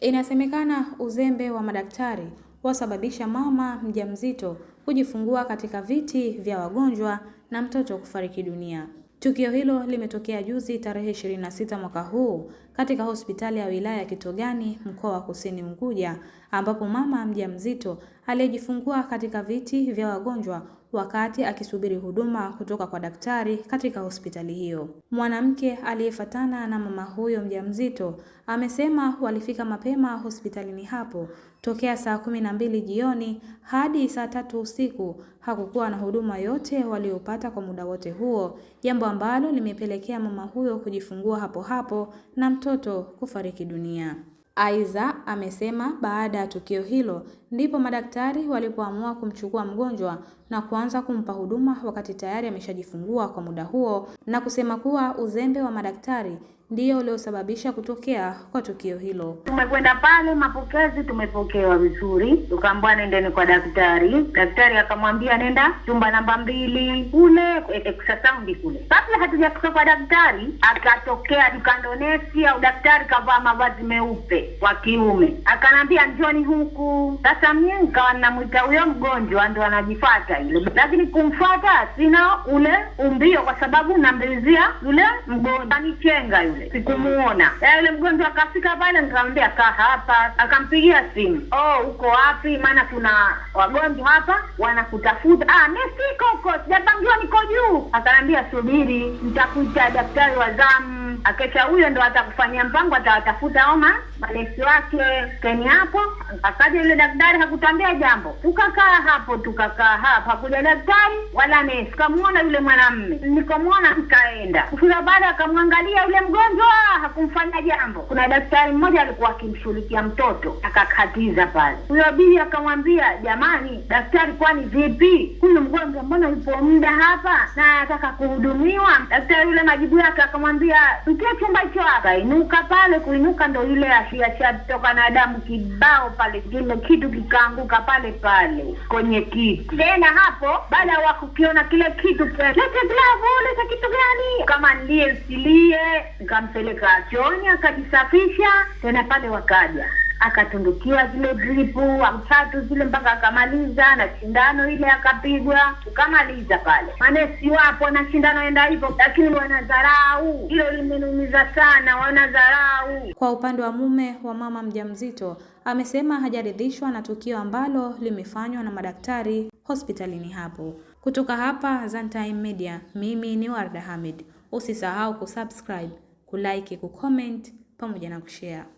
Inasemekana uzembe wa madaktari wasababisha mama mjamzito kujifungua katika viti vya wagonjwa na mtoto kufariki dunia. Tukio hilo limetokea juzi tarehe 26 mwaka huu katika hospitali ya wilaya ya Kitogani mkoa wa Kusini Unguja ambapo mama mjamzito aliyejifungua katika viti vya wagonjwa wakati akisubiri huduma kutoka kwa daktari katika hospitali hiyo. Mwanamke aliyefatana na mama huyo mjamzito amesema walifika mapema hospitalini hapo tokea saa kumi na mbili jioni hadi saa tatu usiku. Hakukuwa na huduma yote waliopata kwa muda wote huo, jambo ambalo limepelekea mama huyo kujifungua hapo hapo na mtoto kufariki dunia. Aidha, amesema baada ya tukio hilo ndipo madaktari walipoamua kumchukua mgonjwa na kuanza kumpa huduma wakati tayari ameshajifungua kwa muda huo, na kusema kuwa uzembe wa madaktari ndiyo uliosababisha kutokea kwa tukio hilo. Tumekwenda pale mapokezi, tumepokewa vizuri, tukaambiwa nendeni kwa daktari. Daktari akamwambia nenda chumba namba mbili kule exercise ndivule. Kabla hatuja kutoka daktari, akatokea tukandonesi au daktari kavaa mavazi meupe wa kiume, akanambia njoni huku. Sasa mie nikawa namwita huyo mgonjwa ndo anajifata ile, lakini kumfata sina ule umbio, kwa sababu nambilizia yule mgonjwa anichenga yule, sikumuona yule mgonjwa. Akafika pale nkaambia kaa hapa, akampigia simu, oh, uko wapi? Maana kuna wagonjwa hapa wanakutafuta. Ah, mimi siko huko, sijapangiwa niko juu, akaniambia subiri, nitakuita daktari wa zamu akecha huyo ndo atakufanyia mpango, atawatafuta oma malesi wake keni hapo. Akaja yule daktari hakutambia jambo, tukakaa hapo tukakaa hapo, hakuja daktari wala nesi. Kamuona yule mwanamme, nikamuona nikaenda kufika, baada akamwangalia yule mgonjwa hakumfanya jambo. Kuna daktari mmoja alikuwa akimshughulikia mtoto, akakatiza pale. Huyo bibi akamwambia, jamani daktari, kwani vipi huyu mgonjwa, mbona yupo muda hapa na anataka kuhudumiwa? Daktari yule majibu yake akamwambia pitia chumba chwaka, inuka pale. Kuinuka ndo ile asiachatoka na damu kibao pale, kile kitu kikaanguka pale pale kwenye kiti. Tena hapo baada ya kukiona kile kitu, lete glavu, lete kitu gani, kama ndiye silie Nikampeleka choni akajisafisha, tena pale wakaja akatundukiwa zile dripu amtatu zile mpaka akamaliza, na shindano ile akapigwa tukamaliza pale. Manesi wapo na shindano enda hivyo, lakini wanadharau hilo, limenumiza sana, wanadharau. Kwa upande wa mume wa mama mjamzito, amesema hajaridhishwa na tukio ambalo limefanywa na madaktari hospitalini hapo. Kutoka hapa Zantime Media, mimi ni Warda Hamid. Usisahau kusubscribe, kulike, kucomment pamoja na kushare.